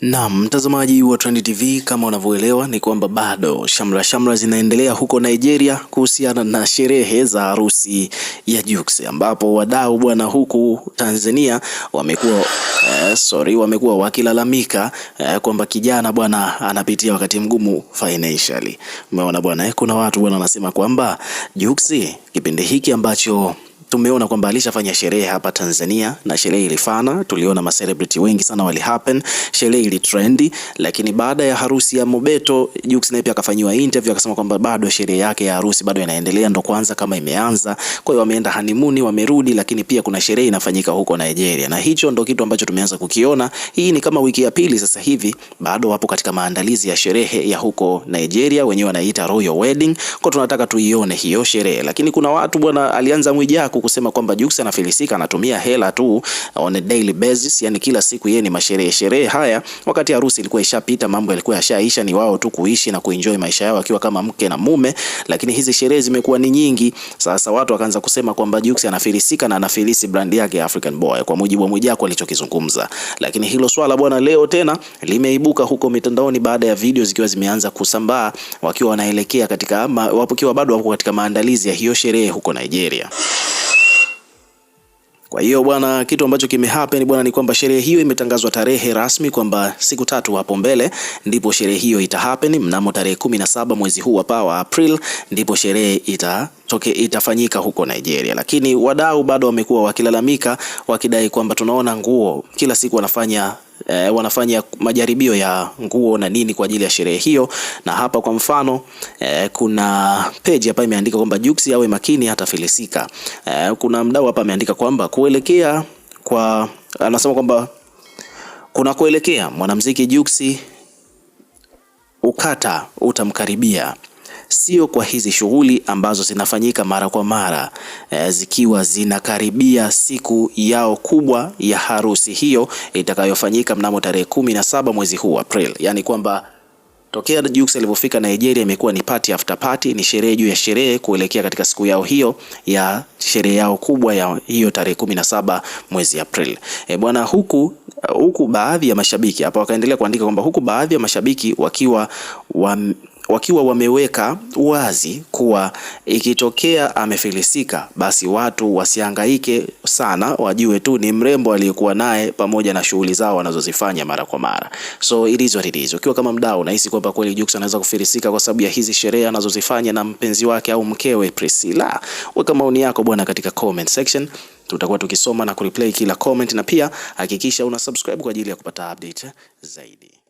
Na mtazamaji wa Trend TV, kama unavyoelewa ni kwamba bado shamra shamra zinaendelea huko Nigeria kuhusiana na sherehe za harusi ya Jux, ambapo wadau bwana huku Tanzania wamekuwa eh, sorry, wamekuwa wakilalamika eh, kwamba kijana bwana anapitia wakati mgumu financially. Umeona bwana eh, kuna watu bwana wanasema kwamba Jux kipindi hiki ambacho tumeona kwamba alishafanya sherehe hapa Tanzania na sherehe ilifana, tuliona ma celebrity wengi sana wali happen, sherehe ili trendy. Lakini baada ya harusi ya Mobeto, Jux naye pia akafanyiwa interview akasema kwamba bado sherehe yake ya harusi bado inaendelea, ndo kwanza kama imeanza. Kwa hiyo wameenda hanimuni, wamerudi, lakini pia kuna sherehe inafanyika huko Nigeria, na hicho ndo kitu ambacho tumeanza kukiona. Hii ni kama wiki ya pili sasa hivi, bado wapo katika maandalizi ya sherehe ya huko Nigeria, wenyewe wanaita royal wedding. Kwa tunataka tuione hiyo sherehe, lakini kuna watu bwana, alianza Mwijaku huku kusema kwamba Jux anafilisika, anatumia hela tu on a daily basis, yani kila siku yeye ni masherehe sherehe haya, wakati harusi ilikuwa ishapita, mambo yalikuwa yashaisha, ni wao tu kuishi na kuenjoy maisha yao akiwa kama mke na mume, lakini hizi sherehe zimekuwa ni nyingi. Sasa watu wakaanza kusema kwamba Jux anafilisika na anafilisi brand yake African Boy, kwa mujibu wa Mwijaku alichokizungumza. Lakini hilo swala bwana, leo tena limeibuka huko mitandaoni baada ya video zikiwa zimeanza kusambaa wakiwa wanaelekea katika wapokiwa bado wako katika maandalizi ya hiyo sherehe huko Nigeria. Kwa hiyo bwana, kitu ambacho kimehappen bwana ni kwamba sherehe hiyo imetangazwa tarehe rasmi kwamba siku tatu hapo mbele ndipo sherehe hiyo itahappen mnamo tarehe kumi na saba mwezi huu hapa wa April ndipo sherehe ita toke itafanyika huko Nigeria, lakini wadau bado wamekuwa wakilalamika wakidai kwamba tunaona nguo kila siku wanafanya E, wanafanya majaribio ya nguo na nini kwa ajili ya sherehe hiyo. Na hapa kwa mfano e, kuna page hapa imeandika kwamba Jux awe makini hatafilisika. E, kuna mdau hapa ameandika kwamba kuelekea kwa, anasema kwamba kuna kuelekea mwanamuziki Jux ukata utamkaribia sio kwa hizi shughuli ambazo zinafanyika mara kwa mara e, zikiwa zinakaribia siku yao kubwa ya harusi hiyo itakayofanyika mnamo tarehe kumi na saba mwezi huu April, yani kwamba tokea Jux alipofika Nigeria imekuwa ni party after party, ni sherehe juu ya sherehe kuelekea katika siku yao hiyo ya sherehe yao kubwa ya hiyo tarehe kumi na saba mwezi April. E, bwana huku huku baadhi ya mashabiki hapa wakaendelea kuandika kwamba huku baadhi ya mashabiki wakiwa wa wakiwa wameweka wazi kuwa ikitokea amefilisika, basi watu wasihangaike sana, wajue tu ni mrembo aliyekuwa naye pamoja na shughuli zao wanazozifanya mara kwa mara. So it is what it is. Ukiwa kama mdau, unahisi kwamba kweli Jux anaweza kufilisika kwa sababu ya hizi sherehe anazozifanya na mpenzi wake au mkewe Priscilla? Weka maoni yako bwana katika comment section, tutakuwa tukisoma na kureplay kila comment, na pia hakikisha una subscribe kwa ajili ya kupata update zaidi.